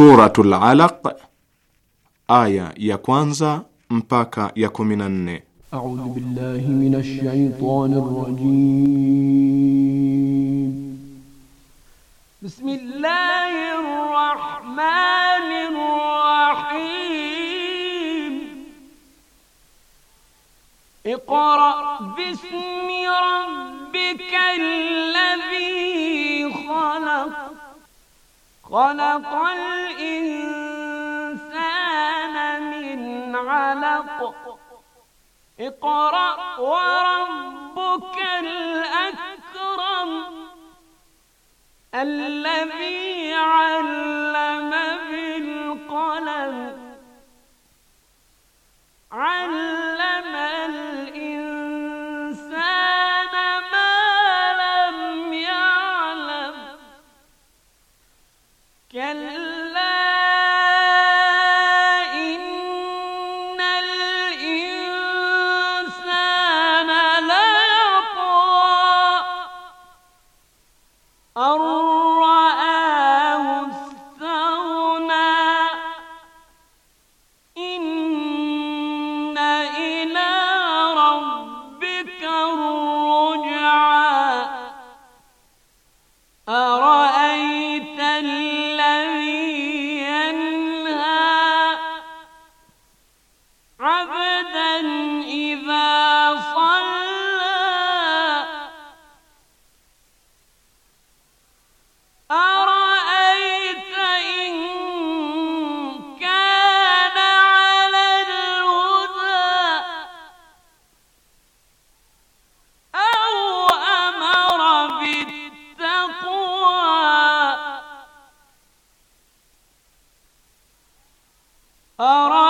Suratul Alaq aya ya kwanza mpaka ya 14. A'udhu billahi minash shaitanir rajim. Bismillahir rahmanir rahim. Iqra bismi rabbikal ladhi khalaq خلق الإنسان من علق اقرأ وربك الأكرم الذي علم بالقلم علم أرى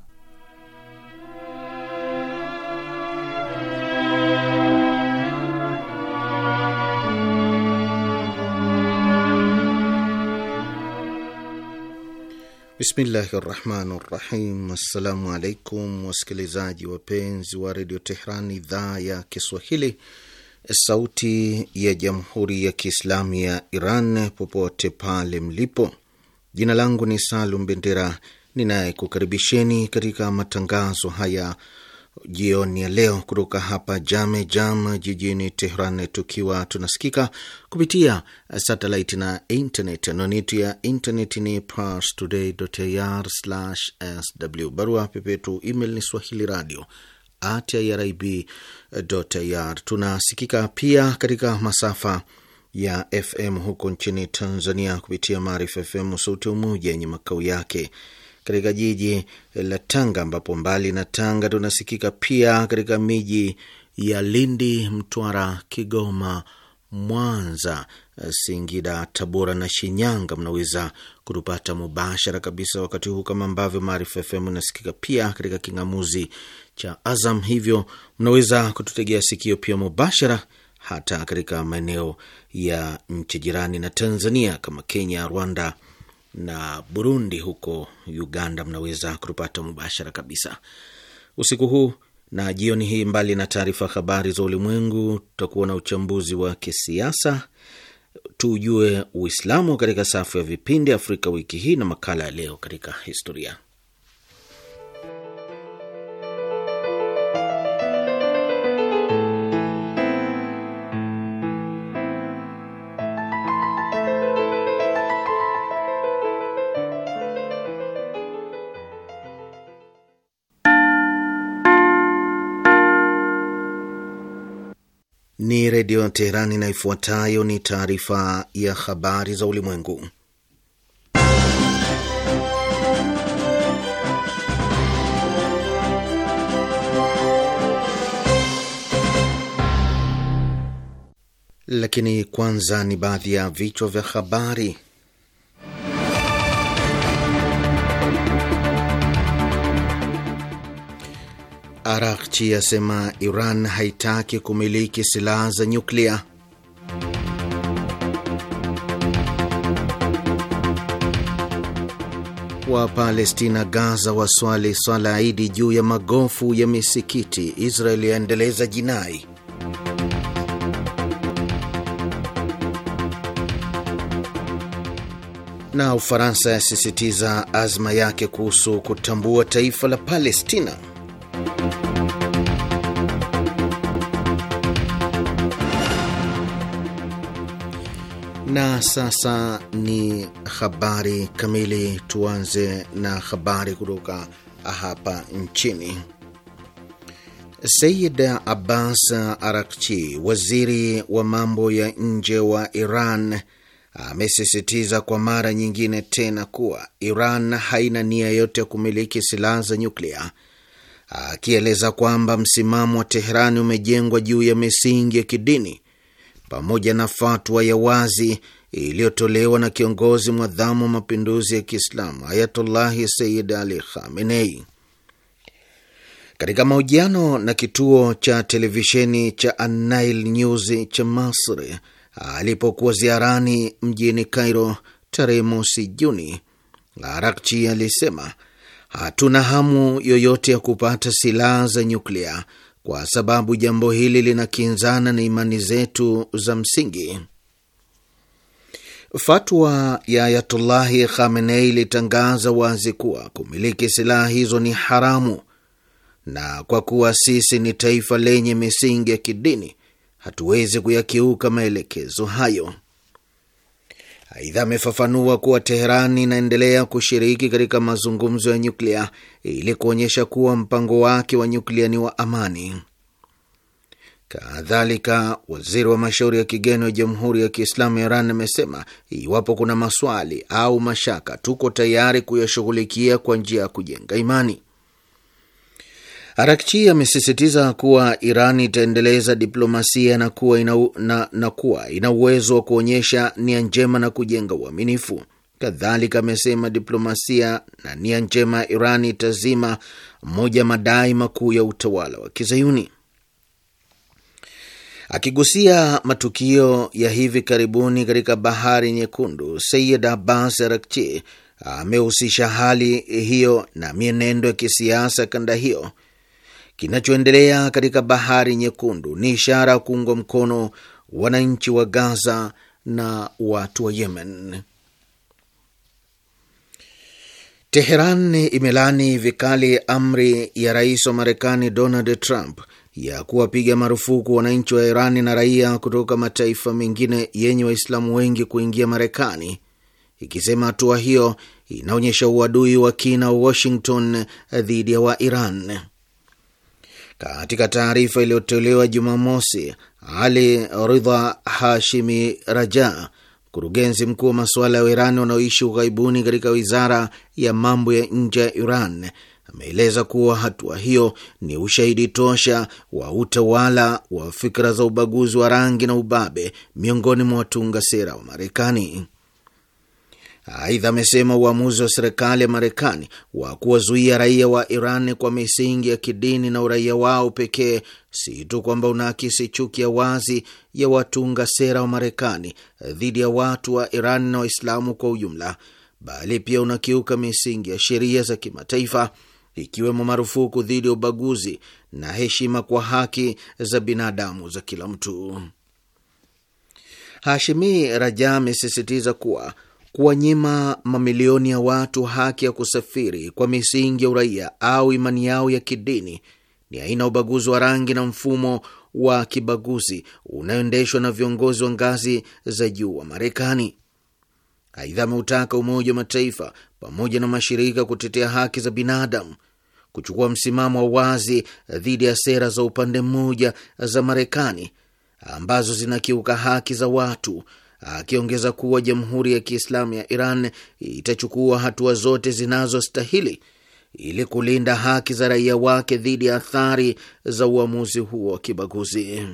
Bismillahi rahmani rahim. Assalamu alaikum wasikilizaji wapenzi wa redio Tehran, idhaa ya Kiswahili, sauti ya jamhuri ya kiislamu ya Iran, popote pale mlipo. Jina langu ni Salum Bendera ninayekukaribisheni katika matangazo haya jioni ya leo kutoka hapa Jame Jam jijini Tehran, tukiwa tunasikika kupitia satellite na internet. Anwani yetu ya internet ni parstoday.ir/sw. Barua pepetu email ni swahili radio at irib.ir. Tunasikika pia katika masafa ya FM huko nchini Tanzania kupitia Maarifa FM sauti Umoja yenye makao yake katika jiji la Tanga, ambapo mbali na Tanga tunasikika pia katika miji ya Lindi, Mtwara, Kigoma, Mwanza, Singida, Tabora na Shinyanga. Mnaweza kutupata mubashara kabisa wakati huu, kama ambavyo Maarifa FM inasikika pia katika king'amuzi cha Azam, hivyo mnaweza kututegea sikio pia mubashara hata katika maeneo ya nchi jirani na Tanzania kama Kenya, Rwanda na Burundi huko Uganda, mnaweza kutupata mubashara kabisa usiku huu na jioni hii. Mbali na taarifa habari za ulimwengu, tutakuwa na uchambuzi wa kisiasa, tujue Uislamu katika safu ya vipindi Afrika wiki hii, na makala ya leo katika historia. Ni Redio Teherani na ifuatayo ni taarifa ya habari za ulimwengu. Lakini kwanza ni baadhi ya vichwa vya habari. Araghchi asema Iran haitaki kumiliki silaha za nyuklia. wapalestina Gaza waswali swala aidi juu ya magofu ya misikiti. Israeli yaendeleza jinai. Na Ufaransa yasisitiza azma yake kuhusu kutambua taifa la Palestina. Na sasa ni habari kamili. Tuanze na habari kutoka hapa nchini. Sayid Abbas Arakchi, waziri wa mambo ya nje wa Iran, amesisitiza kwa mara nyingine tena kuwa Iran haina nia yote ya kumiliki silaha za nyuklia, akieleza kwamba msimamo wa Teherani umejengwa juu ya misingi ya kidini pamoja na fatwa ya wazi iliyotolewa na kiongozi mwadhamu wa mapinduzi ya Kiislamu Ayatullahi Sayyid Ali Khamenei. Katika mahojiano na kituo cha televisheni cha anil News cha Masri alipokuwa ziarani mjini Cairo tarehe mosi Juni, Arakchi alisema hatuna hamu yoyote ya kupata silaha za nyuklia kwa sababu jambo hili linakinzana na imani zetu za msingi. Fatwa ya Ayatullahi Khamenei ilitangaza wazi kuwa kumiliki silaha hizo ni haramu, na kwa kuwa sisi ni taifa lenye misingi ya kidini, hatuwezi kuyakiuka maelekezo hayo. Aidha, amefafanua kuwa Teheran inaendelea kushiriki katika mazungumzo ya nyuklia ili kuonyesha kuwa mpango wake wa nyuklia ni wa amani. Kadhalika, waziri wa mashauri ya kigeni wa Jamhuri ya Kiislamu ya Iran amesema iwapo kuna maswali au mashaka, tuko tayari kuyashughulikia kwa njia ya kujenga imani. Arakchi amesisitiza kuwa Iran itaendeleza diplomasia na kuwa ina, na, na kuwa ina uwezo wa kuonyesha nia njema na kujenga uaminifu. Kadhalika amesema diplomasia na nia njema ya Iran itazima moja madai makuu ya utawala wa Kizayuni. Akigusia matukio ya hivi karibuni katika Bahari Nyekundu, Sayid Abbas Arakchi amehusisha hali hiyo na mienendo ya kisiasa kanda hiyo kinachoendelea katika Bahari Nyekundu ni ishara ya kuungwa mkono wananchi wa Gaza na watu wa Yemen. Teheran imelani vikali amri ya rais wa Marekani Donald Trump ya kuwapiga marufuku wananchi wa Irani na raia kutoka mataifa mengine yenye Waislamu wengi kuingia Marekani, ikisema hatua hiyo inaonyesha uadui wa kina wa Washington dhidi ya Wairan. Katika taarifa iliyotolewa Jumamosi, Ali Ridha Hashimi Raja, mkurugenzi mkuu wa masuala ya Wairani wanaoishi ughaibuni katika wizara ya mambo ya nje ya Iran, ameeleza kuwa hatua hiyo ni ushahidi tosha wa utawala wa fikra za ubaguzi wa rangi na ubabe miongoni mwa watunga sera wa Marekani. Aidha, amesema uamuzi wa serikali ya Marekani wa kuwazuia raia wa Iran kwa misingi ya kidini na uraia wao pekee si tu kwamba unaakisi chuki ya wazi ya watunga sera wa Marekani dhidi ya watu wa Iran na Waislamu kwa ujumla, bali pia unakiuka misingi ya sheria za kimataifa ikiwemo marufuku dhidi ya ubaguzi na heshima kwa haki za binadamu za kila mtu. Hashimi Raja amesisitiza kuwa kuwanyima mamilioni ya watu haki ya kusafiri kwa misingi ya uraia au imani yao ya kidini ni aina ya ubaguzi wa rangi na mfumo wa kibaguzi unaoendeshwa na viongozi wa ngazi za juu wa Marekani. Aidha, ameutaka Umoja wa Mataifa pamoja na mashirika kutetea haki za binadamu kuchukua msimamo wa wazi dhidi ya sera za upande mmoja za Marekani ambazo zinakiuka haki za watu akiongeza kuwa Jamhuri ya Kiislamu ya Iran itachukua hatua zote zinazostahili ili kulinda haki za raia wake dhidi ya athari za uamuzi huo wa kibaguzi.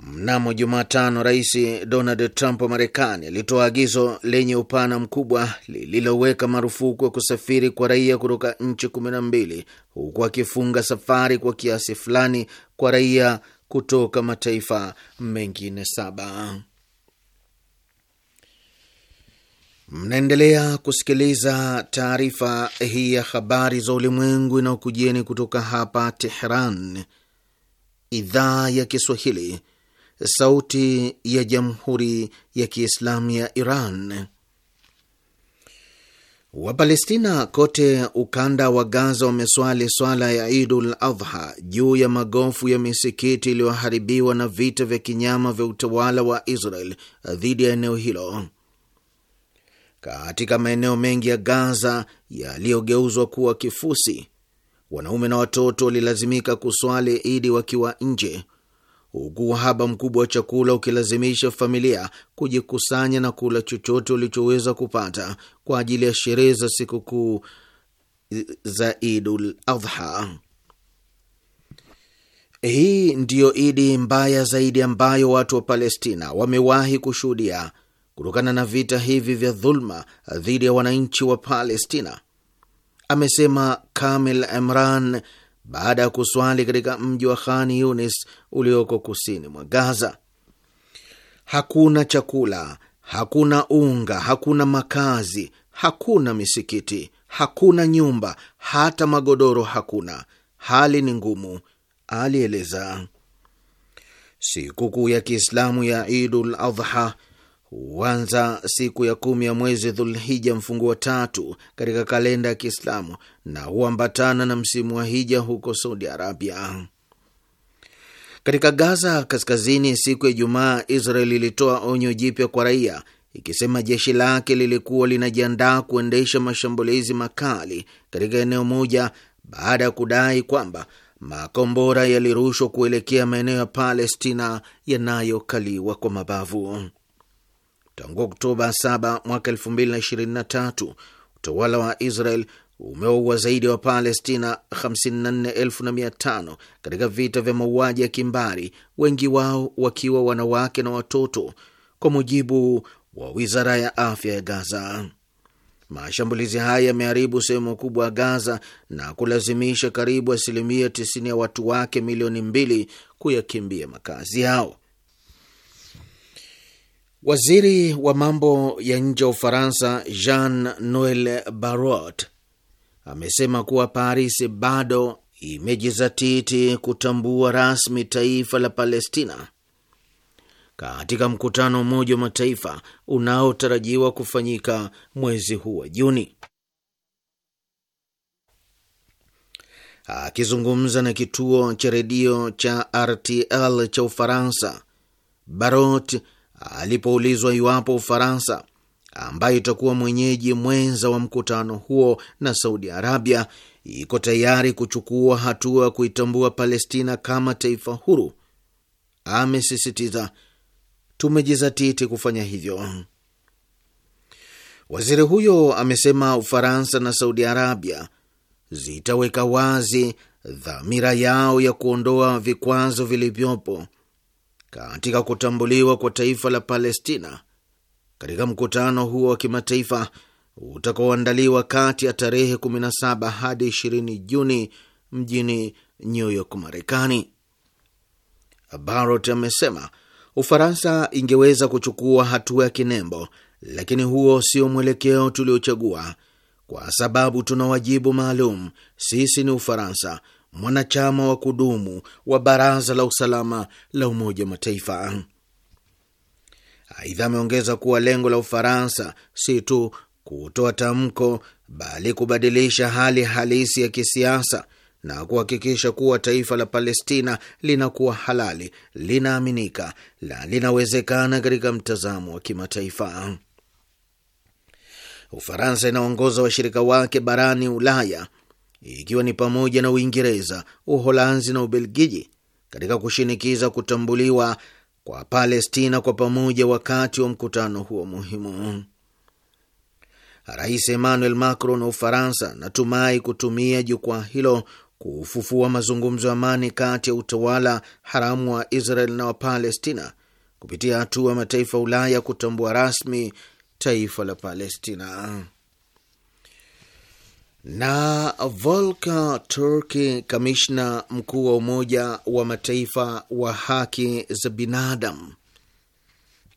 Mnamo Jumatano, Rais Donald Trump wa Marekani alitoa agizo lenye upana mkubwa lililoweka marufuku ya kusafiri kwa raia kutoka nchi kumi na mbili huku akifunga safari kwa kiasi fulani kwa raia kutoka mataifa mengine saba. Mnaendelea kusikiliza taarifa hii ya habari za ulimwengu inayokujieni kutoka hapa Tehran, idhaa ya Kiswahili, sauti ya jamhuri ya kiislamu ya Iran. Wapalestina kote ukanda wa Gaza wameswali swala ya Idul Adha juu ya magofu ya misikiti iliyoharibiwa na vita vya kinyama vya utawala wa Israel dhidi ya eneo hilo. Katika maeneo mengi ya Gaza yaliyogeuzwa kuwa kifusi, wanaume na watoto walilazimika kuswali Idi wakiwa nje, huku uhaba mkubwa wa chakula ukilazimisha familia kujikusanya na kula chochote ulichoweza kupata kwa ajili ya sherehe za sikukuu za Idul Adha. Hii ndiyo idi mbaya zaidi ambayo watu wa Palestina wamewahi kushuhudia kutokana na vita hivi vya dhuluma dhidi ya wananchi wa Palestina, amesema Kamel Emran, baada ya kuswali katika mji wa Khan Yunis ulioko kusini mwa Gaza. Hakuna chakula, hakuna unga, hakuna makazi, hakuna misikiti, hakuna nyumba, hata magodoro hakuna. Hali ni ngumu, alieleza. Sikukuu ya Kiislamu ya Idul Adha huanza siku ya kumi ya mwezi Dhulhija mfungu wa tatu katika kalenda ya Kiislamu na huambatana na msimu wa hija huko Saudi Arabia. Katika Gaza kaskazini, siku ya Ijumaa, Israel ilitoa onyo jipya kwa raia ikisema jeshi lake lilikuwa linajiandaa kuendesha mashambulizi makali katika eneo moja baada ya kudai kwamba makombora yalirushwa kuelekea maeneo ya Palestina yanayokaliwa kwa mabavu. Tangu Oktoba 7 mwaka 2023 utawala wa Israel umeua zaidi ya wa Wapalestina 54,500 katika vita vya mauaji ya kimbari, wengi wao wakiwa wanawake na watoto, kwa mujibu wa wizara ya afya ya Gaza. Mashambulizi haya yameharibu sehemu kubwa ya Gaza na kulazimisha karibu asilimia 90 ya watu wake milioni mbili kuyakimbia makazi yao. Waziri wa mambo ya nje wa Ufaransa Jean Noel Barrot amesema kuwa Paris bado imejizatiti kutambua rasmi taifa la Palestina katika mkutano wa Umoja wa Mataifa unaotarajiwa kufanyika mwezi huu wa Juni. Akizungumza na kituo cha redio cha RTL cha Ufaransa, Barot alipoulizwa iwapo Ufaransa ambayo itakuwa mwenyeji mwenza wa mkutano huo na Saudi Arabia iko tayari kuchukua hatua ya kuitambua Palestina kama taifa huru, amesisitiza tumejizatiti kufanya hivyo. Waziri huyo amesema Ufaransa na Saudi Arabia zitaweka wazi dhamira yao ya kuondoa vikwazo vilivyopo katika kutambuliwa kwa taifa la Palestina katika mkutano huo wa kimataifa utakaoandaliwa kati ya tarehe 17 hadi 20 Juni mjini New York, Marekani. Barrot amesema Ufaransa ingeweza kuchukua hatua ya kinembo, lakini huo sio mwelekeo tuliochagua, kwa sababu tuna wajibu maalum. Sisi ni Ufaransa, mwanachama wa kudumu wa Baraza la Usalama la Umoja wa Mataifa. Aidha, ameongeza kuwa lengo la Ufaransa si tu kutoa tamko, bali kubadilisha hali halisi ya kisiasa na kuhakikisha kuwa taifa la Palestina linakuwa halali, linaaminika na linawezekana katika mtazamo wa kimataifa. Ufaransa inaongoza washirika wake barani Ulaya ikiwa ni pamoja na Uingereza, Uholanzi na Ubelgiji katika kushinikiza kutambuliwa kwa Palestina kwa pamoja wakati wa mkutano huo muhimu. Rais Emmanuel Macron wa Ufaransa natumai kutumia jukwaa hilo kufufua mazungumzo ya amani kati ya utawala haramu wa Israel na Wapalestina kupitia hatua ya mataifa ya Ulaya kutambua rasmi taifa la Palestina. Na Volker Turk, kamishna mkuu wa Umoja wa Mataifa wa haki za binadamu,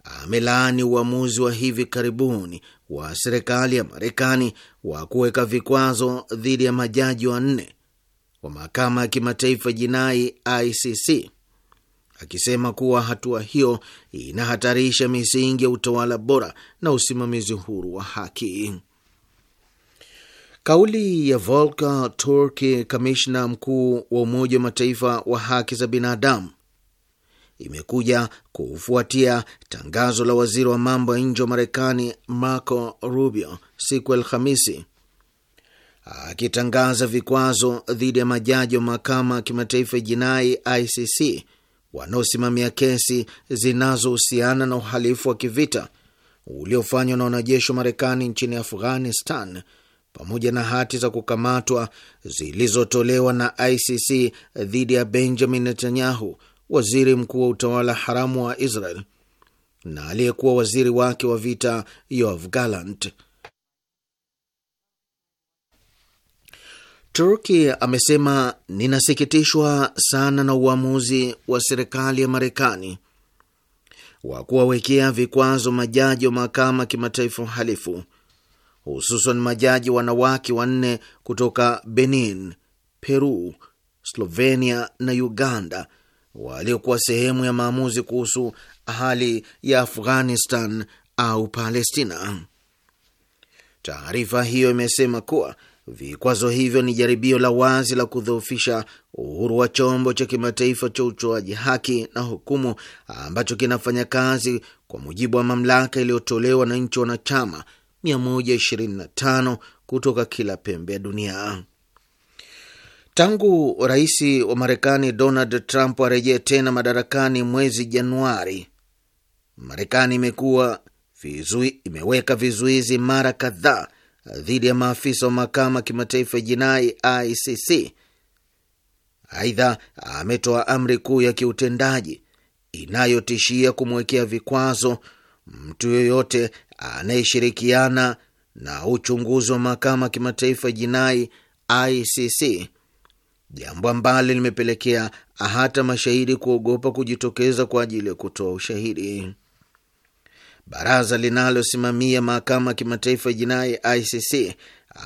amelaani uamuzi wa hivi karibuni wa serikali ya Marekani wa kuweka vikwazo dhidi ya majaji wanne wa mahakama ya kimataifa jinai ICC, akisema kuwa hatua hiyo inahatarisha misingi ya utawala bora na usimamizi huru wa haki. Kauli ya Volker Turk, kamishna mkuu wa Umoja wa Mataifa wa haki za binadamu, imekuja kufuatia tangazo la waziri wa mambo ya nje wa Marekani Marco Rubio siku ya Alhamisi akitangaza vikwazo dhidi ya majaji wa mahakama ya kimataifa ya jinai ICC wanaosimamia kesi zinazohusiana na uhalifu wa kivita uliofanywa na wanajeshi wa Marekani nchini Afghanistan pamoja na hati za kukamatwa zilizotolewa na ICC dhidi ya Benjamin Netanyahu, waziri mkuu wa utawala haramu wa Israel na aliyekuwa waziri wake wa vita Yoav Gallant. Turki amesema ninasikitishwa sana na uamuzi wa serikali ya Marekani wa kuwawekea vikwazo majaji wa mahakama kimataifa uhalifu hususan majaji wanawake wanne kutoka Benin, Peru, Slovenia na Uganda waliokuwa sehemu ya maamuzi kuhusu hali ya Afghanistan au Palestina. Taarifa hiyo imesema kuwa vikwazo hivyo ni jaribio la wazi la kudhoofisha uhuru wa chombo cha kimataifa cha utoaji haki na hukumu ambacho kinafanya kazi kwa mujibu wa mamlaka iliyotolewa na nchi wanachama 125 kutoka kila pembe ya dunia. Tangu rais wa Marekani Donald Trump arejee tena madarakani mwezi Januari, Marekani imekuwa vizui, imeweka vizuizi mara kadhaa dhidi ya maafisa wa mahakama kimataifa ya jinai ICC. Aidha, ametoa amri kuu ya kiutendaji inayotishia kumwekea vikwazo mtu yoyote anayeshirikiana na uchunguzi wa mahakama ya kimataifa jinai ICC, jambo ambalo limepelekea hata mashahidi kuogopa kujitokeza kwa ajili ya kutoa ushahidi. Baraza linalosimamia mahakama ya kimataifa jinai ICC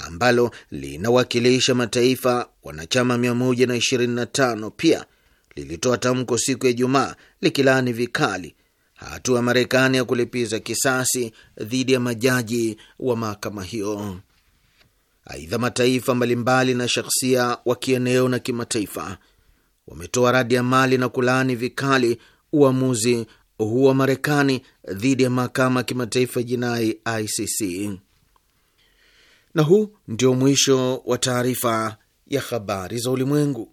ambalo linawakilisha mataifa wanachama 125 pia lilitoa tamko siku ya Ijumaa likilaani vikali hatua ya Marekani ya kulipiza kisasi dhidi ya majaji wa mahakama hiyo. Aidha, mataifa mbalimbali na shakhsia wa kieneo na kimataifa wametoa radi ya mali na kulaani vikali uamuzi huu wa Marekani dhidi ya mahakama ya kimataifa jinai ICC. Na huu ndio mwisho wa taarifa ya habari za ulimwengu.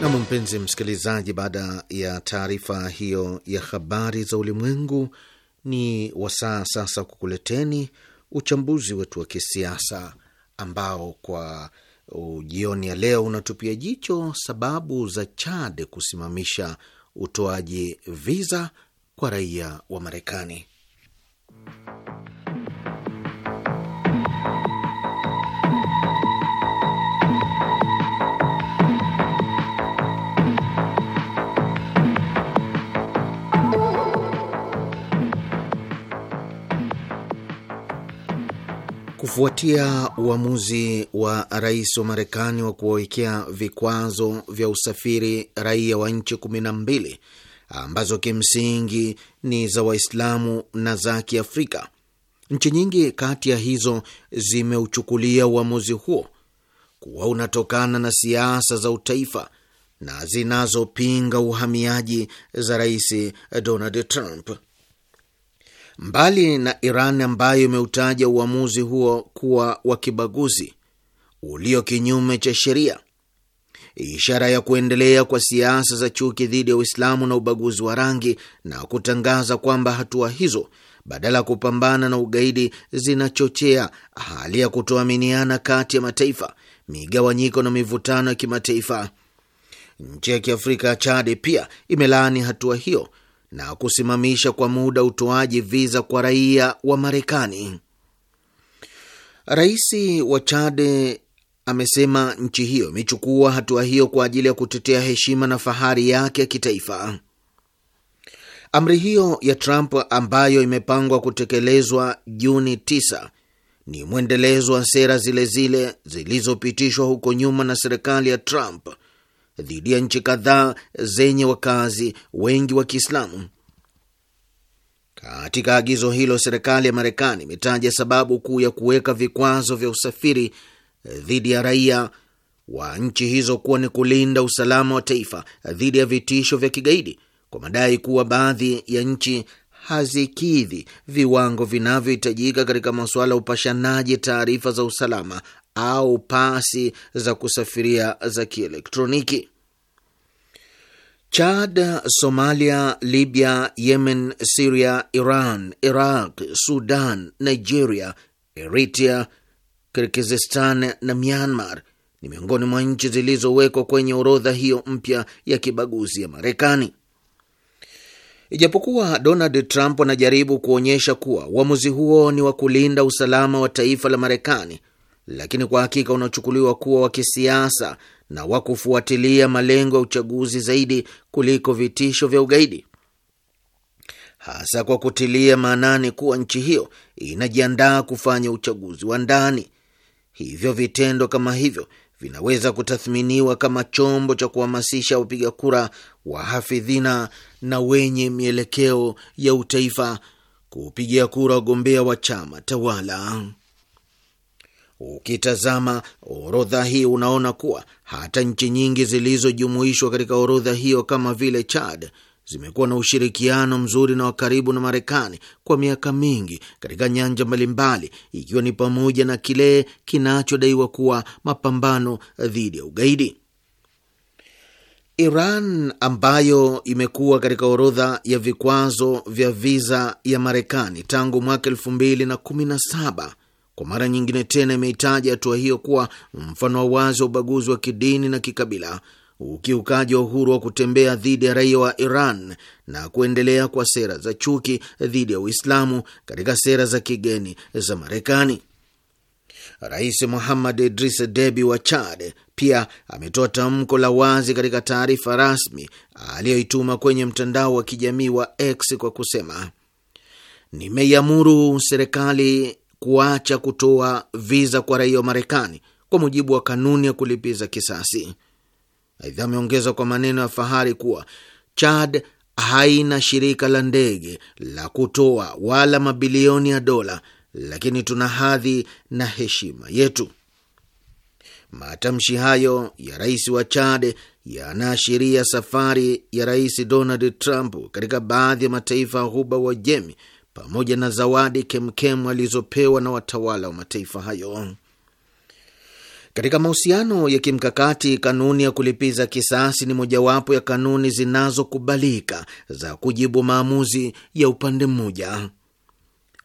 Nam, mpenzi msikilizaji, baada ya taarifa hiyo ya habari za ulimwengu, ni wasaa sasa kukuleteni uchambuzi wetu wa kisiasa ambao kwa jioni ya leo unatupia jicho sababu za Chad kusimamisha utoaji viza kwa raia wa Marekani. Kufuatia uamuzi wa rais wa Marekani wa kuwawekea vikwazo vya usafiri raia wa nchi kumi na mbili ambazo kimsingi ni za Waislamu na za Kiafrika, nchi nyingi kati ya hizo zimeuchukulia uamuzi huo kuwa unatokana na siasa za utaifa na zinazopinga uhamiaji za Rais Donald Trump. Mbali na Iran ambayo imeutaja uamuzi huo kuwa wa kibaguzi ulio kinyume cha sheria, ishara ya kuendelea kwa siasa za chuki dhidi ya Uislamu na ubaguzi wa rangi, na kutangaza kwamba hatua hizo badala ya kupambana na ugaidi zinachochea hali ya kutoaminiana kati ya mataifa, migawanyiko na mivutano ya kimataifa. Nchi ya kiafrika ya Chad pia imelaani hatua hiyo na kusimamisha kwa muda utoaji viza kwa raia wa Marekani. Rais wa Chade amesema nchi hiyo imechukua hatua hiyo kwa ajili ya kutetea heshima na fahari yake ya kitaifa. Amri hiyo ya Trump ambayo imepangwa kutekelezwa Juni 9 ni mwendelezo wa sera zile zile zilizopitishwa huko nyuma na serikali ya Trump dhidi ya nchi kadhaa zenye wakazi wengi wa Kiislamu. Katika agizo hilo, serikali ya Marekani imetaja sababu kuu ya kuweka vikwazo vya usafiri dhidi ya raia wa nchi hizo kuwa ni kulinda usalama wa taifa dhidi ya vitisho vya kigaidi kwa madai kuwa baadhi ya nchi hazikidhi viwango vinavyohitajika katika masuala ya upashanaji taarifa za usalama au pasi za kusafiria za kielektroniki. Chad, Somalia, Libya, Yemen, Siria, Iran, Iraq, Sudan, Nigeria, Eritrea, Kirgizistan na Myanmar ni miongoni mwa nchi zilizowekwa kwenye orodha hiyo mpya ya kibaguzi ya Marekani. Ijapokuwa Donald Trump anajaribu kuonyesha kuwa uamuzi huo ni wa kulinda usalama wa taifa la Marekani lakini kwa hakika unachukuliwa kuwa wa kisiasa na wa kufuatilia malengo ya uchaguzi zaidi kuliko vitisho vya ugaidi, hasa kwa kutilia maanani kuwa nchi hiyo inajiandaa kufanya uchaguzi wa ndani. Hivyo vitendo kama hivyo vinaweza kutathminiwa kama chombo cha kuhamasisha wapiga kura wahafidhina na wenye mielekeo ya utaifa kupigia kura wagombea wa chama tawala. Ukitazama orodha hii unaona kuwa hata nchi nyingi zilizojumuishwa katika orodha hiyo kama vile Chad zimekuwa na ushirikiano mzuri na wa karibu na Marekani kwa miaka mingi katika nyanja mbalimbali, ikiwa ni pamoja na kile kinachodaiwa kuwa mapambano dhidi ya ugaidi. Iran ambayo imekuwa katika orodha ya vikwazo vya viza ya Marekani tangu mwaka elfu mbili na kumi na saba kwa mara nyingine tena imeitaja hatua hiyo kuwa mfano wa wazi wa ubaguzi wa kidini na kikabila, ukiukaji wa uhuru wa kutembea dhidi ya raia wa Iran na kuendelea kwa sera za chuki dhidi ya Uislamu katika sera za kigeni za Marekani. Rais muhamad Idris Debi wa Chad pia ametoa tamko la wazi katika taarifa rasmi aliyoituma kwenye mtandao wa kijamii wa X kwa kusema, nimeiamuru serikali kuacha kutoa viza kwa raia wa Marekani kwa mujibu wa kanuni ya kulipiza kisasi. Aidha, ameongeza kwa maneno ya fahari kuwa Chad haina shirika la ndege la kutoa wala mabilioni ya dola, lakini tuna hadhi na heshima yetu. Matamshi hayo ya rais wa Chad yanaashiria safari ya rais Donald Trump katika baadhi ya mataifa ya Ghuba Wajemi pamoja na zawadi kemkem alizopewa na watawala wa mataifa hayo. Katika mahusiano ya kimkakati, kanuni ya kulipiza kisasi ni mojawapo ya kanuni zinazokubalika za kujibu maamuzi ya upande mmoja.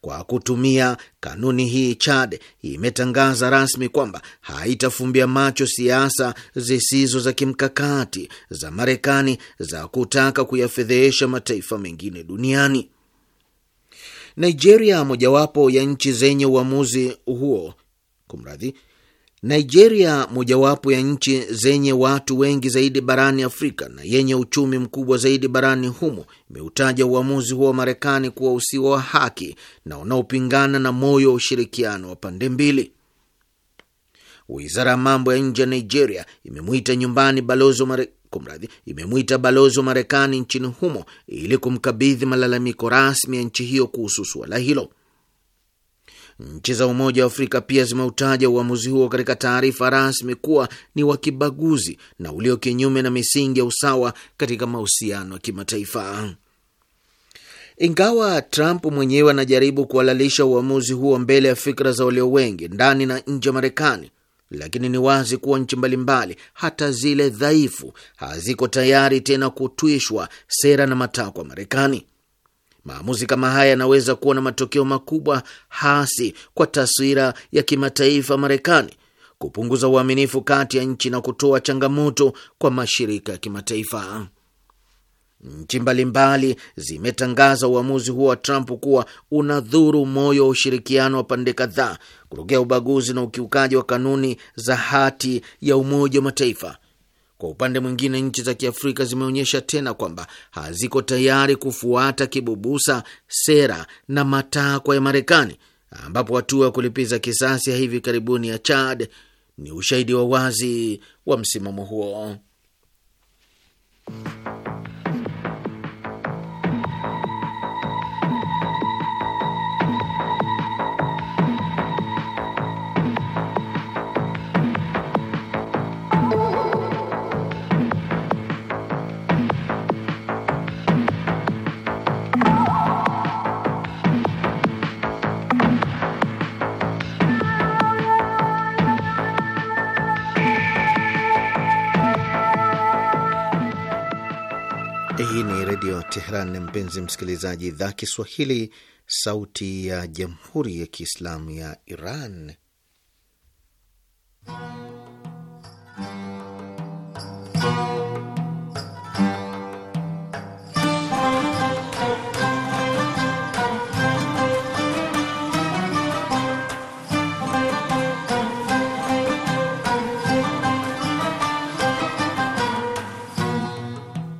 Kwa kutumia kanuni hii, Chad imetangaza rasmi kwamba haitafumbia macho siasa zisizo za kimkakati za Marekani za kutaka kuyafedhehesha mataifa mengine duniani. Nigeria, mojawapo ya nchi zenye uamuzi huo, kumradhi, Nigeria mojawapo ya nchi zenye watu wengi zaidi barani Afrika na yenye uchumi mkubwa zaidi barani humo imeutaja uamuzi huo wa Marekani kuwa usio wa haki na unaopingana na moyo wa ushirikiano wa pande mbili. Wizara ya mambo ya nje ya Nigeria imemwita nyumbani balozi wa Marekani kumradhi, imemwita balozi wa Marekani nchini humo ili kumkabidhi malalamiko rasmi ya nchi hiyo kuhusu suala hilo. Nchi za Umoja wa Afrika pia zimeutaja uamuzi huo katika taarifa rasmi kuwa ni wa kibaguzi na ulio kinyume na misingi ya usawa katika mahusiano ya kimataifa. Ingawa Trump mwenyewe anajaribu kuhalalisha uamuzi huo mbele ya fikra za walio wengi ndani na nje ya Marekani, lakini ni wazi kuwa nchi mbalimbali, hata zile dhaifu, haziko tayari tena kutwishwa sera na matakwa Marekani. Maamuzi kama haya yanaweza kuwa na matokeo makubwa hasi kwa taswira ya kimataifa Marekani, kupunguza uaminifu kati ya nchi na kutoa changamoto kwa mashirika ya kimataifa. Nchi mbalimbali zimetangaza uamuzi huo wa Trump kuwa unadhuru moyo wa ushirikiano wa pande kadhaa, kutokea ubaguzi na ukiukaji wa kanuni za hati ya Umoja wa Mataifa. Kwa upande mwingine, nchi za Kiafrika zimeonyesha tena kwamba haziko tayari kufuata kibubusa sera na matakwa ya Marekani, ambapo hatua ya kulipiza kisasi ya hivi karibuni ya Chad ni ushahidi wa wazi wa msimamo huo. Tehran, mpenzi msikilizaji, idhaa Kiswahili, sauti ya jamhuri ya kiislamu ya Iran.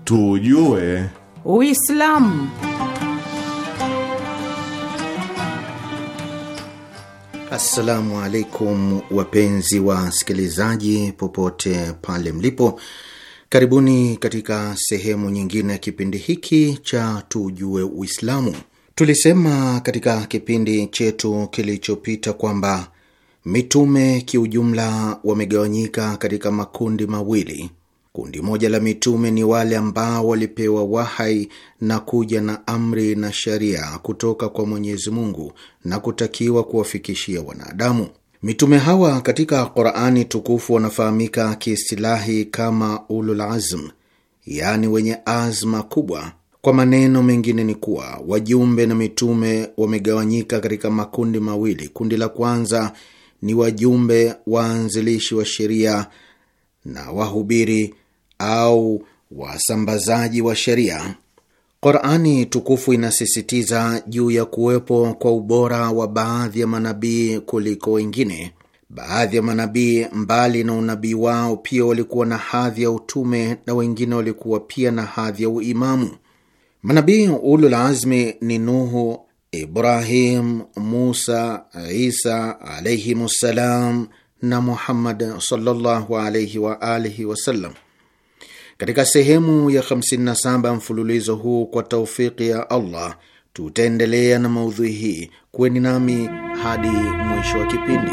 Tujue Uislamu. Assalamu alaikum, wapenzi wa sikilizaji popote pale mlipo, karibuni katika sehemu nyingine ya kipindi hiki cha tujue Uislamu. Tulisema katika kipindi chetu kilichopita kwamba mitume kiujumla wamegawanyika katika makundi mawili Kundi moja la mitume ni wale ambao walipewa wahai na kuja na amri na sheria kutoka kwa Mwenyezi Mungu na kutakiwa kuwafikishia wanadamu. Mitume hawa katika Qurani tukufu wanafahamika kiistilahi kama ulul azm, yaani wenye azma kubwa. Kwa maneno mengine ni kuwa wajumbe na mitume wamegawanyika katika makundi mawili. Kundi la kwanza ni wajumbe waanzilishi wa sheria na wahubiri au wasambazaji wa sheria. Qurani tukufu inasisitiza juu ya kuwepo kwa ubora wa baadhi ya manabii kuliko wengine. Baadhi ya manabii, mbali na unabii wao, pia walikuwa na hadhi ya utume na wengine walikuwa pia na hadhi ya uimamu. Manabii ulul azmi ni Nuhu, Ibrahim, Musa, Isa alaihimu ssalam na Muhammad sallallahu alaihi alihi wasallam. Katika sehemu ya 57 mfululizo huu kwa taufiki ya Allah tutaendelea na maudhui hii. Kuweni nami hadi mwisho wa kipindi.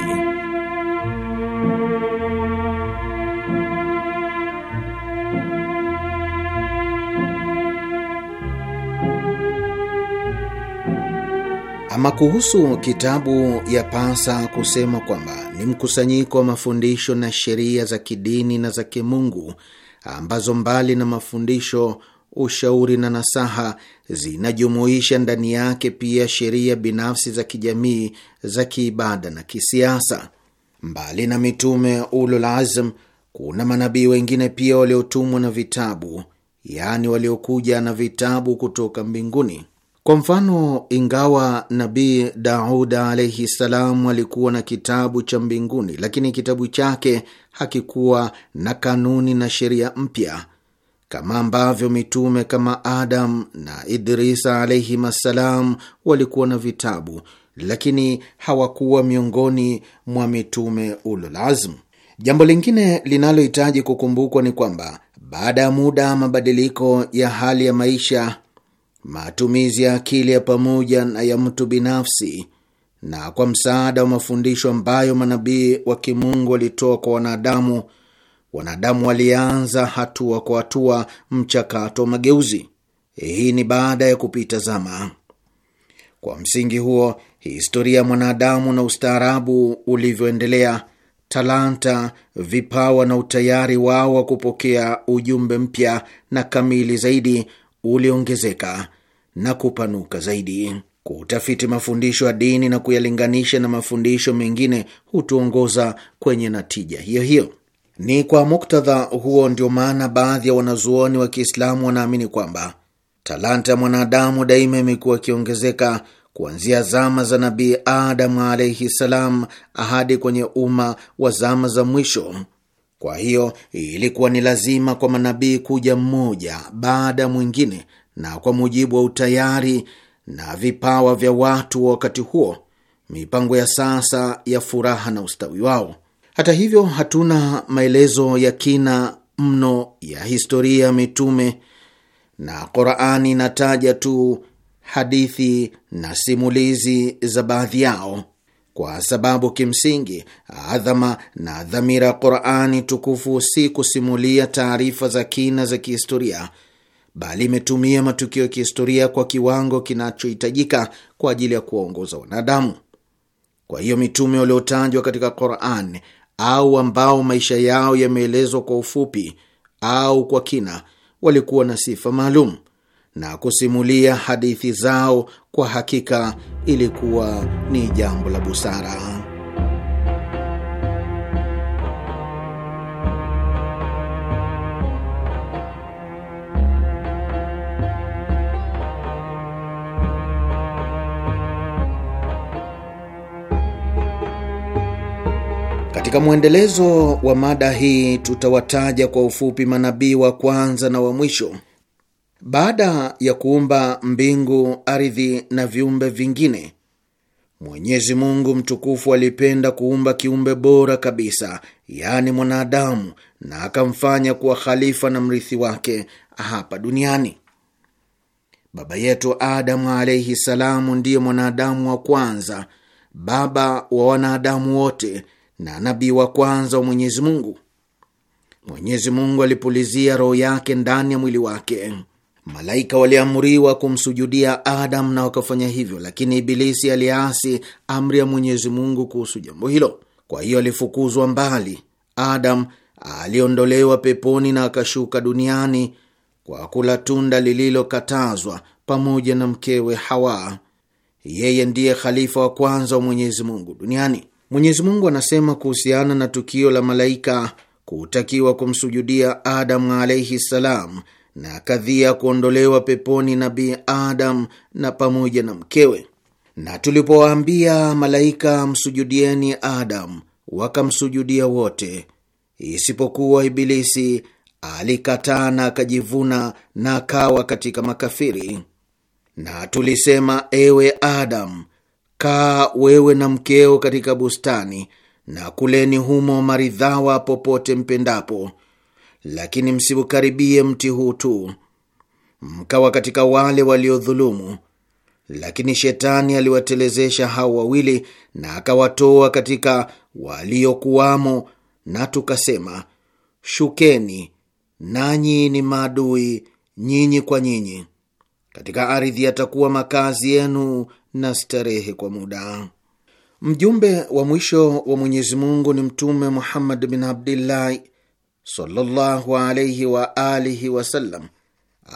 Ama kuhusu kitabu ya pasa kusema kwamba ni mkusanyiko wa mafundisho na sheria za kidini na za kimungu ambazo mbali na mafundisho, ushauri na nasaha, zinajumuisha ndani yake pia sheria binafsi za kijamii, za kiibada na kisiasa. Mbali na mitume ulul azm, kuna manabii wengine pia waliotumwa na vitabu, yaani waliokuja na vitabu kutoka mbinguni. Kwa mfano, ingawa Nabii Dauda alaihi ssalam alikuwa na kitabu cha mbinguni, lakini kitabu chake hakikuwa na kanuni na sheria mpya kama ambavyo mitume kama Adam na Idrisa alaihim assalam walikuwa na vitabu, lakini hawakuwa miongoni mwa mitume ululazm. Jambo lingine linalohitaji kukumbukwa ni kwamba baada ya muda, mabadiliko ya hali ya maisha matumizi ya akili ya pamoja na ya mtu binafsi, na kwa msaada wa mafundisho ambayo manabii wa kimungu walitoa kwa wanadamu, wanadamu walianza hatua kwa hatua mchakato wa mageuzi. Hii ni baada ya kupita zama. Kwa msingi huo, historia ya mwanadamu na ustaarabu ulivyoendelea, talanta, vipawa na utayari wao wa kupokea ujumbe mpya na kamili zaidi uliongezeka na kupanuka zaidi. Kutafiti mafundisho ya dini na kuyalinganisha na mafundisho mengine hutuongoza kwenye natija hiyo hiyo. Ni kwa muktadha huo ndio maana baadhi ya wanazuoni wa Kiislamu wanaamini kwamba talanta ya mwanadamu daima imekuwa ikiongezeka kuanzia zama za Nabii Adamu alaihi salam hadi kwenye umma wa zama za mwisho. Kwa hiyo ilikuwa ni lazima kwa manabii kuja mmoja baada ya mwingine, na kwa mujibu wa utayari na vipawa vya watu wa wakati huo, mipango ya sasa ya furaha na ustawi wao. Hata hivyo, hatuna maelezo ya kina mno ya historia ya mitume, na Qurani inataja tu hadithi na simulizi za baadhi yao kwa sababu kimsingi adhama na dhamira ya Qurani tukufu si kusimulia taarifa za kina za kihistoria, bali imetumia matukio ya kihistoria kwa kiwango kinachohitajika kwa ajili ya kuwaongoza wanadamu. Kwa hiyo mitume waliotajwa katika qoran au ambao maisha yao yameelezwa kwa ufupi au kwa kina walikuwa na sifa maalum na kusimulia hadithi zao, kwa hakika ilikuwa ni jambo la busara. Katika mwendelezo wa mada hii tutawataja kwa ufupi manabii wa kwanza na wa mwisho baada ya kuumba mbingu, ardhi na viumbe vingine, Mwenyezi Mungu mtukufu alipenda kuumba kiumbe bora kabisa, yaani mwanadamu, na akamfanya kuwa khalifa na mrithi wake hapa duniani. Baba yetu Adamu alaihi salamu ndiye mwanadamu wa kwanza, baba wa wanadamu wote na nabii wa kwanza wa Mwenyezi Mungu. Mwenyezi Mungu alipulizia roho yake ndani ya mwili wake Malaika waliamriwa kumsujudia Adamu na wakafanya hivyo, lakini Ibilisi aliasi amri ya Mwenyezi Mungu kuhusu jambo hilo. Kwa hiyo alifukuzwa mbali. Adamu aliondolewa peponi na akashuka duniani kwa kula tunda lililokatazwa pamoja na mkewe Hawa. Yeye ndiye khalifa wa kwanza wa Mwenyezi Mungu duniani. Mwenyezi Mungu anasema kuhusiana na tukio la malaika kutakiwa kumsujudia Adamu alaihi ssalam na kadhia kuondolewa peponi Nabii Adam na pamoja na mkewe. Na tulipowaambia malaika msujudieni Adam, wakamsujudia wote isipokuwa Ibilisi alikataa na akajivuna na akawa katika makafiri. Na tulisema, ewe Adam, kaa wewe na mkeo katika bustani na kuleni humo maridhawa popote mpendapo lakini msiukaribie mti huu tu, mkawa katika wale waliodhulumu. Lakini shetani aliwatelezesha hao wawili na akawatoa katika waliokuwamo, na tukasema, shukeni nanyi ni maadui nyinyi kwa nyinyi, katika ardhi yatakuwa makazi yenu na starehe kwa muda. Mjumbe wa mwisho wa Mwenyezi Mungu ni Mtume Muhammad bin Abdillahi sallallahu alaihi wa alihi wasallam,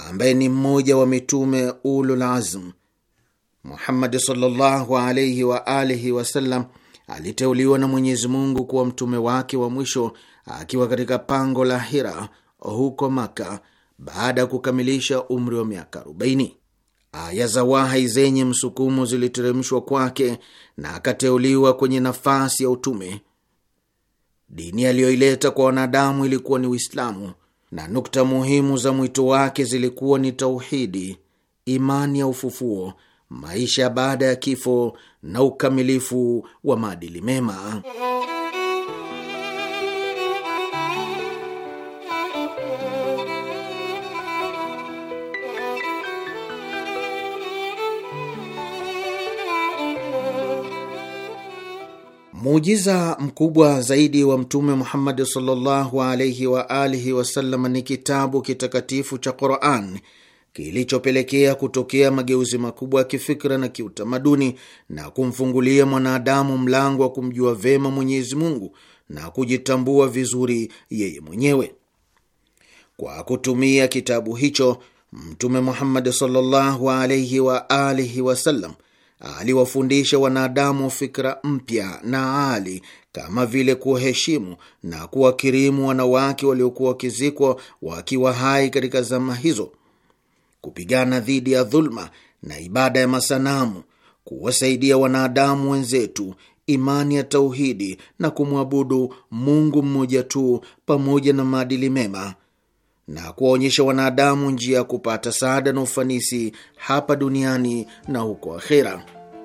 ambaye ni mmoja wa mitume ulul azm. Muhammadi sallallahu alaihi wa alihi wasallam aliteuliwa na Mwenyezi Mungu kuwa mtume wake wa mwisho akiwa katika pango la Hira huko Maka baada ya kukamilisha umri wa miaka 40. Aya za wahai zenye msukumo ziliteremshwa kwake na akateuliwa kwenye nafasi ya utume. Dini aliyoileta kwa wanadamu ilikuwa ni Uislamu, na nukta muhimu za mwito wake zilikuwa ni tauhidi, imani ya ufufuo, maisha baada ya kifo na ukamilifu wa maadili mema. Muujiza mkubwa zaidi wa Mtume Muhammad sallallahu alaihi wa alihi wasallam ni kitabu kitakatifu cha Quran kilichopelekea kutokea mageuzi makubwa ya kifikra na kiutamaduni na kumfungulia mwanadamu mlango wa kumjua vema Mwenyezi Mungu na kujitambua vizuri yeye mwenyewe. Kwa kutumia kitabu hicho, Mtume Muhammad sallallahu alaihi wa alihi wasallam aliwafundisha wanadamu fikra mpya na ali kama vile kuwaheshimu na kuwakirimu wanawake waliokuwa wakizikwa wakiwa hai katika zama hizo, kupigana dhidi ya dhuluma na ibada ya masanamu, kuwasaidia wanadamu wenzetu imani ya tauhidi na kumwabudu Mungu mmoja tu pamoja na maadili mema na kuwaonyesha wanadamu njia ya kupata saada na ufanisi hapa duniani na huko akhera.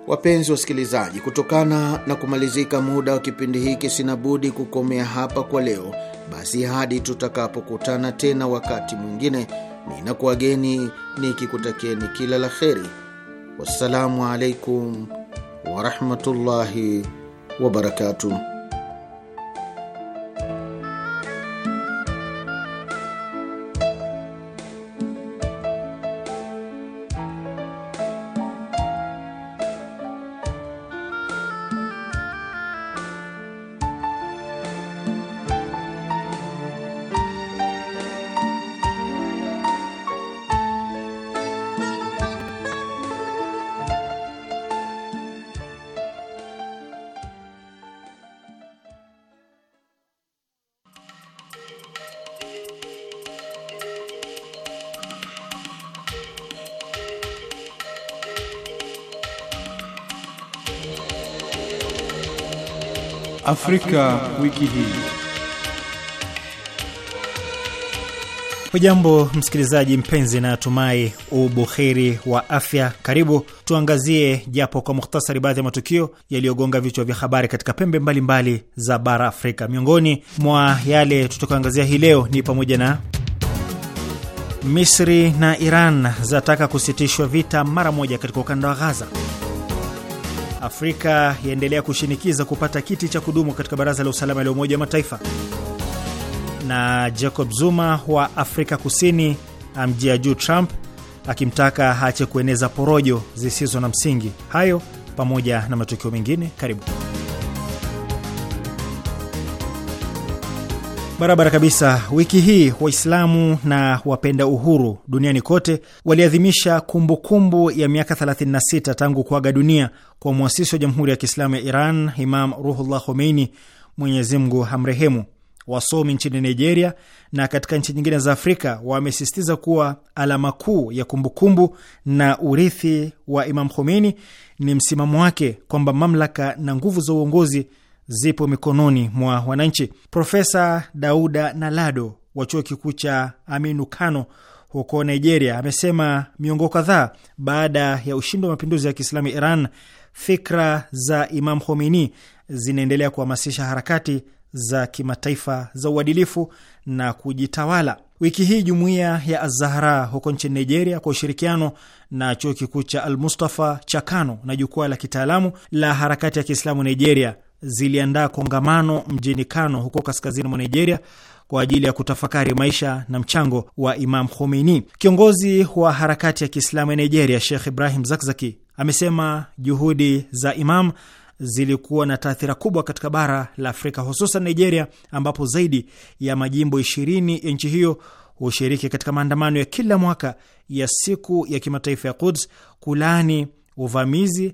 Wapenzi wasikilizaji, kutokana na kumalizika muda wa kipindi hiki, sina budi kukomea hapa kwa leo. Basi hadi tutakapokutana tena wakati mwingine, ninakuwageni nikikutakieni kila la kheri. Wassalamu alaikum warahmatullahi wabarakatuh. Afrika wiki hii. Hujambo msikilizaji mpenzi, na atumai ubuheri wa afya. Karibu tuangazie japo kwa muhtasari baadhi ya matukio yaliyogonga vichwa vya habari katika pembe mbalimbali mbali za bara Afrika. Miongoni mwa yale tutakayoangazia hii leo ni pamoja na Misri na Iran zataka kusitishwa vita mara moja katika ukanda wa Gaza. Afrika yaendelea kushinikiza kupata kiti cha kudumu katika baraza la usalama la Umoja wa Mataifa, na Jacob Zuma wa Afrika Kusini amjia juu Trump akimtaka aache kueneza porojo zisizo na msingi. Hayo pamoja na matukio mengine, karibu. Barabara kabisa. Wiki hii Waislamu na wapenda uhuru duniani kote waliadhimisha kumbukumbu ya miaka 36 tangu kuaga dunia kwa mwasisi wa Jamhuri ya Kiislamu ya Iran, Imam Ruhullah Khomeini, Mwenyezi Mungu hamrehemu. Wasomi nchini Nigeria na katika nchi nyingine za Afrika wamesisitiza kuwa alama kuu ya kumbukumbu kumbu na urithi wa Imam Khomeini ni msimamo wake kwamba mamlaka na nguvu za uongozi zipo mikononi mwa wananchi. Profesa Dauda Nalado wa chuo kikuu cha Aminu Kano huko Nigeria amesema miongo kadhaa baada ya ushindi wa mapinduzi ya Kiislamu Iran, fikra za Imam Khomeini zinaendelea kuhamasisha harakati za kimataifa za uadilifu na kujitawala. Wiki hii jumuiya ya Azahra huko nchini Nigeria kwa ushirikiano na chuo kikuu cha Almustafa cha Kano na jukwaa la kitaalamu la harakati ya Kiislamu Nigeria ziliandaa kongamano mjini Kano huko kaskazini mwa Nigeria kwa ajili ya kutafakari maisha na mchango wa Imam Khomeini. Kiongozi wa harakati ya Kiislamu ya Nigeria, Sheikh Ibrahim Zakzaki, amesema juhudi za Imam zilikuwa na taathira kubwa katika bara la Afrika, hususan Nigeria, ambapo zaidi ya majimbo ishirini ya nchi hiyo hushiriki katika maandamano ya kila mwaka ya siku ya kimataifa ya Quds kulaani uvamizi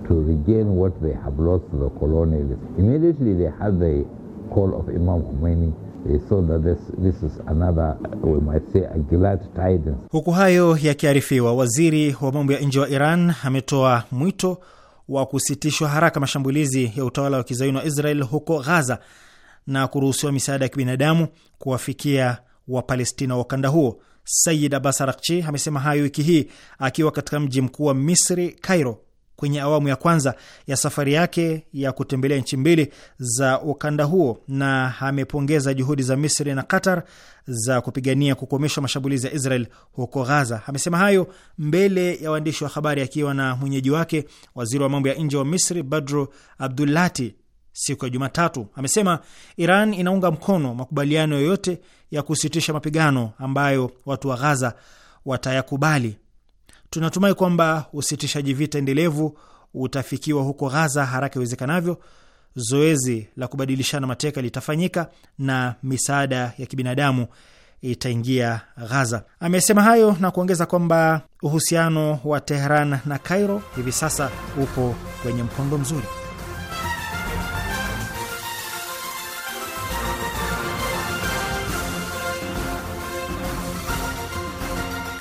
to regain what they have lost to the colonialists. Immediately they had the call of Imam Khomeini this, this is another, we might say, a glad Huku hayo yakiarifiwa, waziri wa mambo ya nje wa Iran ametoa mwito wa kusitishwa haraka mashambulizi ya utawala wa kizayuni wa Israel huko Gaza na kuruhusiwa misaada ya kibinadamu kuwafikia Wapalestina wa ukanda huo. Sayid Abbas Arakchi amesema hayo wiki hii akiwa katika mji mkuu wa Misri, Cairo, kwenye awamu ya kwanza ya safari yake ya kutembelea nchi mbili za ukanda huo na amepongeza juhudi za Misri na Qatar za kupigania kukomesha mashambulizi ya Israel huko Gaza. Amesema hayo mbele ya waandishi wa habari akiwa na mwenyeji wake waziri wa mambo ya nje wa Misri Badru Abdulati siku ya Jumatatu. Amesema Iran inaunga mkono makubaliano yoyote ya kusitisha mapigano ambayo watu wa Gaza watayakubali Tunatumai kwamba usitishaji vita endelevu utafikiwa huko Ghaza haraka iwezekanavyo, zoezi la kubadilishana mateka litafanyika na misaada ya kibinadamu itaingia Ghaza. Amesema hayo na kuongeza kwamba uhusiano wa Tehran na Cairo hivi sasa upo kwenye mkondo mzuri.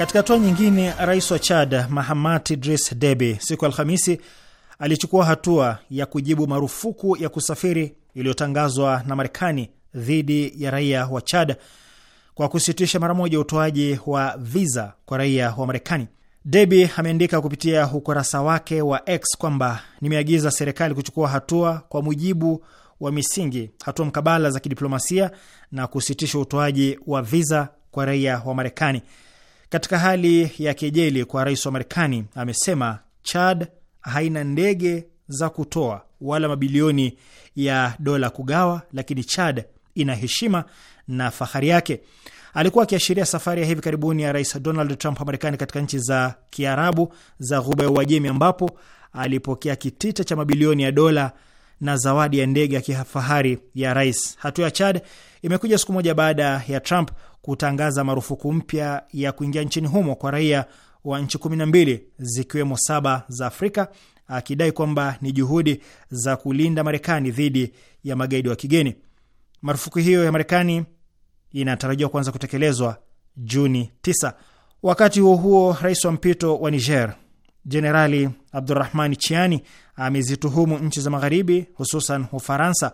Katika hatua nyingine, rais wa Chad Mahamat Idris Debi siku ya Alhamisi alichukua hatua ya kujibu marufuku ya kusafiri iliyotangazwa na Marekani dhidi ya raia wa Chad kwa kusitisha mara moja utoaji wa viza kwa raia wa Marekani. debi ameandika kupitia ukurasa wake wa X kwamba nimeagiza serikali kuchukua hatua kwa mujibu wa misingi, hatua mkabala za kidiplomasia na kusitisha utoaji wa viza kwa raia wa Marekani. Katika hali ya kejeli kwa rais wa Marekani, amesema Chad haina ndege za kutoa wala mabilioni ya dola kugawa, lakini Chad ina heshima na fahari yake. Alikuwa akiashiria safari ya hivi karibuni ya rais Donald Trump wa Marekani katika nchi za Kiarabu za Ghuba ya Uajemi, ambapo alipokea kitita cha mabilioni ya dola na zawadi ya ndege ya kifahari ya rais. Hatua ya Chad imekuja siku moja baada ya Trump kutangaza marufuku mpya ya kuingia nchini humo kwa raia wa nchi kumi na mbili zikiwemo saba za Afrika, akidai kwamba ni juhudi za kulinda Marekani dhidi ya magaidi wa kigeni. Marufuku hiyo ya Marekani inatarajiwa kuanza kutekelezwa Juni 9. Wakati huo huo, rais wa mpito wa Niger Jenerali Abdurahmani Chiani amezituhumu nchi za Magharibi, hususan Ufaransa,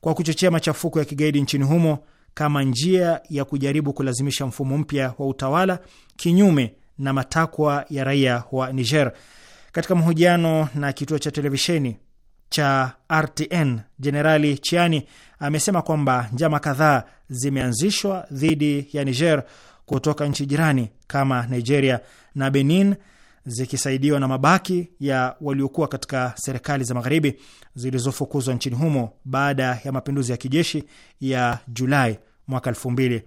kwa kuchochea machafuko ya kigaidi nchini humo kama njia ya kujaribu kulazimisha mfumo mpya wa utawala kinyume na matakwa ya raia wa Niger. Katika mahojiano na kituo cha televisheni cha RTN, Jenerali Chiani amesema kwamba njama kadhaa zimeanzishwa dhidi ya Niger kutoka nchi jirani kama Nigeria na Benin zikisaidiwa na mabaki ya waliokuwa katika serikali za magharibi zilizofukuzwa nchini humo baada ya mapinduzi ya kijeshi ya Julai mwaka elfu mbili na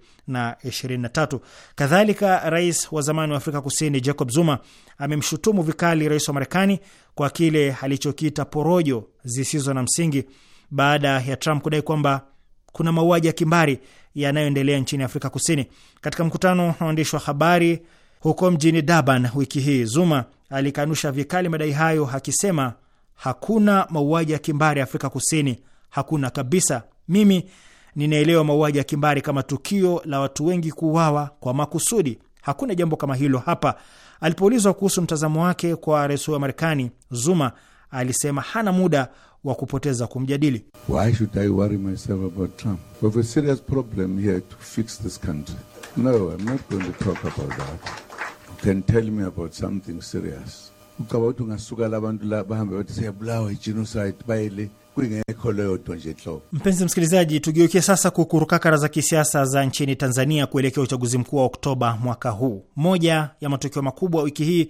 na ishirini tatu. Kadhalika, rais wa zamani wa Afrika Kusini Jacob Zuma amemshutumu vikali rais wa Marekani kwa kile alichokiita porojo zisizo na msingi baada ya Trump kudai kwamba kuna mauaji ya kimbari yanayoendelea nchini Afrika Kusini. Katika mkutano na waandishi wa habari huko mjini Durban wiki hii. Zuma alikanusha vikali madai hayo akisema, hakuna mauaji ya kimbari Afrika Kusini, hakuna kabisa. Mimi ninaelewa mauaji ya kimbari kama tukio la watu wengi kuuawa kwa makusudi. Hakuna jambo kama hilo hapa. Alipoulizwa kuhusu mtazamo wake kwa rais wa Marekani, Zuma alisema hana muda wa kupoteza kumjadili. Why should I worry myself about Trump? We have a serious problem here to fix this country. No, I'm not going to talk about that. You can tell me about something serious. ukaba uthi ungasukala abantu la bahambe bathi siyabulawa igenocide bayele kwingekho leyo nto nje hlobo. Mpenzi msikilizaji, tugeukie sasa kukurukakara za kisiasa za nchini Tanzania kuelekea uchaguzi mkuu wa Oktoba mwaka huu. Moja ya matukio makubwa wiki hii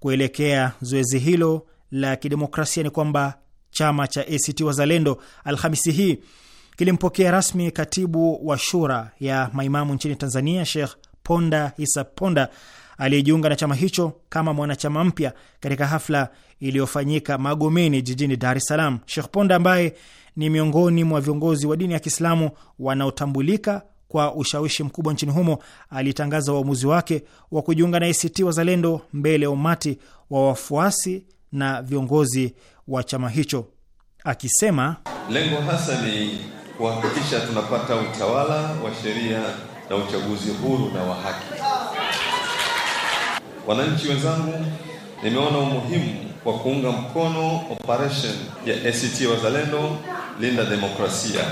kuelekea zoezi hilo la kidemokrasia ni kwamba chama cha ACT Wazalendo Alhamisi hii kilimpokea rasmi katibu wa shura ya maimamu nchini Tanzania, Sheikh Ponda Isa Ponda aliyejiunga na chama hicho kama mwanachama mpya katika hafla iliyofanyika Magomeni jijini Dar es Salaam. Sheikh Ponda ambaye ni miongoni mwa viongozi wa dini ya Kiislamu wanaotambulika kwa ushawishi mkubwa nchini humo, alitangaza uamuzi wake wa kujiunga na ACT Wazalendo mbele ya umati wa wafuasi na viongozi wa chama hicho akisema lengo hasa ni kuhakikisha tunapata utawala wa sheria na uchaguzi huru na wa haki. Wananchi wenzangu, nimeona umuhimu wa kuunga mkono operation ya ACT Wazalendo Linda Demokrasia,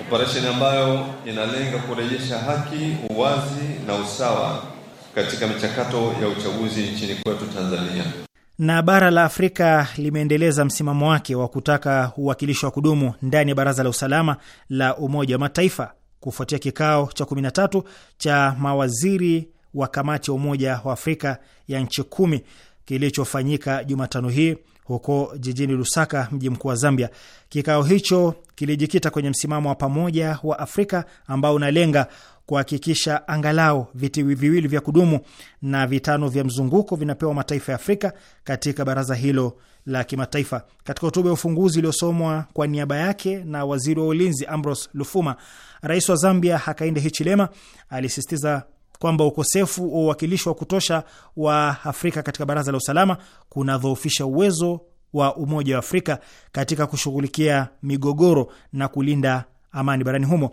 operation ambayo inalenga kurejesha haki, uwazi na usawa katika michakato ya uchaguzi nchini kwetu Tanzania na bara la Afrika limeendeleza msimamo wake wa kutaka uwakilishi wa kudumu ndani ya Baraza la Usalama la Umoja wa Mataifa kufuatia kikao cha 13 cha mawaziri wa kamati ya Umoja wa Afrika ya nchi kumi kilichofanyika Jumatano hii huko jijini Lusaka, mji mkuu wa Zambia. Kikao hicho kilijikita kwenye msimamo wa pamoja wa Afrika ambao unalenga kuhakikisha angalau viti viwili vya kudumu na vitano vya mzunguko vinapewa mataifa ya Afrika katika baraza hilo la kimataifa. Katika hotuba ya ufunguzi iliyosomwa kwa niaba yake na waziri wa ulinzi Ambrose Lufuma, rais wa Zambia Hakainde Hichilema alisisitiza kwamba ukosefu wa uwakilishi wa kutosha wa Afrika katika baraza la usalama kunadhoofisha uwezo wa Umoja wa Afrika katika kushughulikia migogoro na kulinda amani barani humo.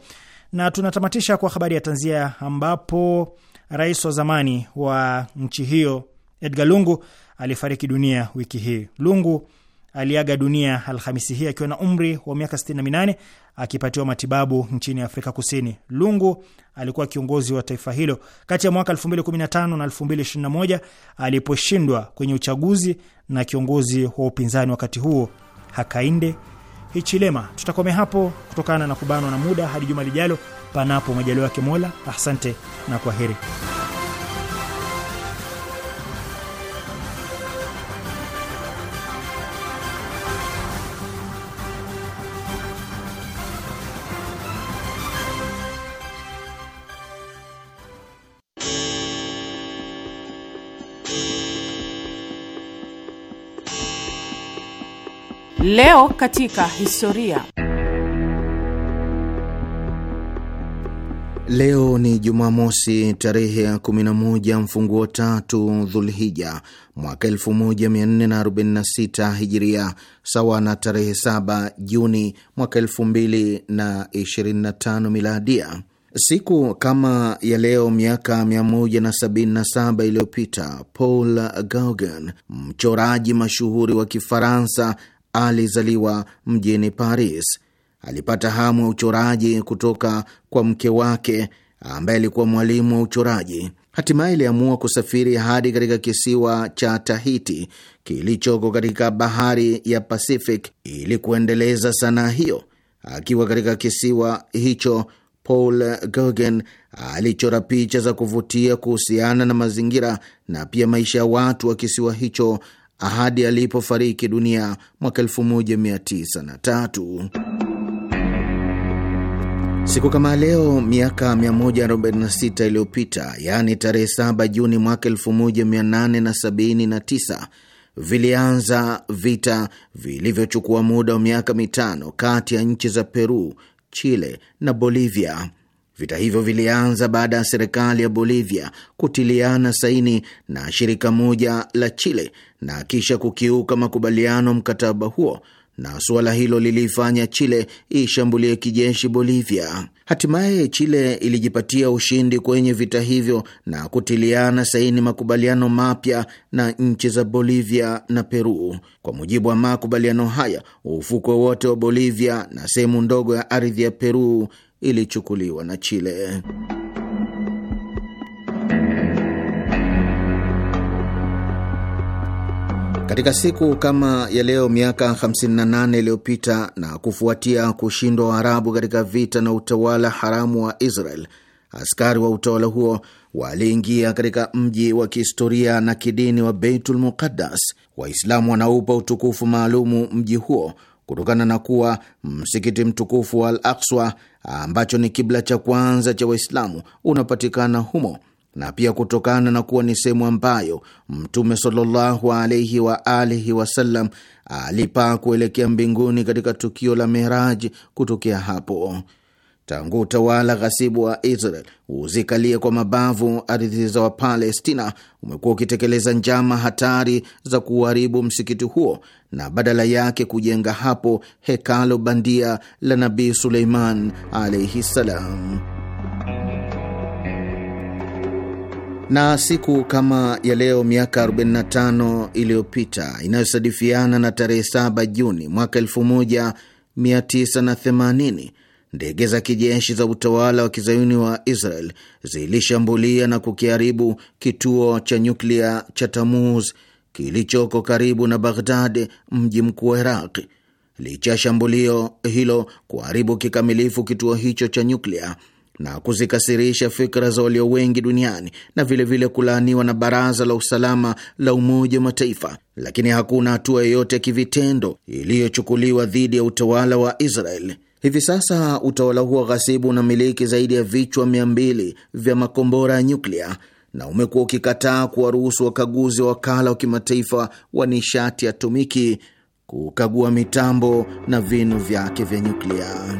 Na tunatamatisha kwa habari ya tanzia ambapo rais wa zamani wa nchi hiyo Edgar Lungu alifariki dunia wiki hii. Lungu aliaga dunia Alhamisi hii akiwa na umri wa miaka 68 akipatiwa matibabu nchini Afrika Kusini. Lungu alikuwa kiongozi wa taifa hilo kati ya mwaka 2015 na 2021 aliposhindwa kwenye uchaguzi na kiongozi wa upinzani wakati huo Hakainde Hichilema. Tutakomea hapo kutokana na kubanwa na muda, hadi juma lijalo, panapo majaliwa yake Mola. Asante na kwaheri. Leo katika historia. Leo ni Jumamosi tarehe ya 11 mfunguo tatu Dhulhija mwaka 1446 Hijiria, sawa na tarehe 7 Juni mwaka 2025 Miladia. Siku kama ya leo miaka 177 iliyopita Paul Gauguin, mchoraji mashuhuri wa Kifaransa Alizaliwa mjini Paris. Alipata hamu ya uchoraji kutoka kwa mke wake ambaye alikuwa mwalimu wa uchoraji. Hatimaye aliamua kusafiri hadi katika kisiwa cha Tahiti kilichoko katika bahari ya Pacific ili kuendeleza sanaa hiyo. Akiwa katika kisiwa hicho, Paul Gauguin alichora picha za kuvutia kuhusiana na mazingira na pia maisha ya watu wa kisiwa hicho hadi alipofariki dunia mwaka 1903. Siku kama leo miaka 146 iliyopita, yaani tarehe 7 Juni mwaka 1879 vilianza vita vilivyochukua muda wa miaka mitano kati ya nchi za Peru, Chile na Bolivia. Vita hivyo vilianza baada ya serikali ya Bolivia kutiliana saini na shirika moja la Chile na kisha kukiuka makubaliano mkataba huo, na suala hilo liliifanya Chile ishambulie kijeshi Bolivia. Hatimaye Chile ilijipatia ushindi kwenye vita hivyo na kutiliana saini makubaliano mapya na nchi za Bolivia na Peru. Kwa mujibu wa makubaliano haya, ufukwe wote wa Bolivia na sehemu ndogo ya ardhi ya Peru ilichukuliwa na Chile. Katika siku kama ya leo miaka 58 iliyopita na kufuatia kushindwa Waarabu katika vita na utawala haramu wa Israel, askari wa utawala huo waliingia katika mji wa kihistoria na kidini wa Beitul Muqaddas. Waislamu wanaupa utukufu maalumu mji huo kutokana na kuwa msikiti mtukufu wa Al Akswa, ambacho ni kibla cha kwanza cha Waislamu, unapatikana humo na pia kutokana na kuwa ni sehemu ambayo Mtume sallallahu alaihi wa alihi wasallam alipaa kuelekea mbinguni katika tukio la Miraji kutokea hapo tangu utawala ghasibu wa Israel huzikalie kwa mabavu ardhi za Wapalestina, umekuwa ukitekeleza njama hatari za kuharibu msikiti huo na badala yake kujenga hapo hekalo bandia la Nabii Suleiman alaihi ssalam. na siku kama ya leo miaka 45 iliyopita inayosadifiana na tarehe 7 Juni mwaka 1980 ndege za kijeshi za utawala wa kizayuni wa Israel zilishambulia na kukiharibu kituo cha nyuklia cha Tamuz kilichoko karibu na Baghdad, mji mkuu wa Iraq. Licha ya shambulio hilo kuharibu kikamilifu kituo hicho cha nyuklia na kuzikasirisha fikra za walio wengi duniani na vilevile kulaaniwa na Baraza la Usalama la Umoja wa Mataifa, lakini hakuna hatua yoyote ya kivitendo iliyochukuliwa dhidi ya utawala wa Israel. Hivi sasa utawala huo ghasibu unamiliki zaidi ya vichwa 200 vya makombora ya nyuklia na umekuwa ukikataa kuwaruhusu wakaguzi wa wakala wa kimataifa wa nishati atomiki kukagua mitambo na vinu vyake vya nyuklia.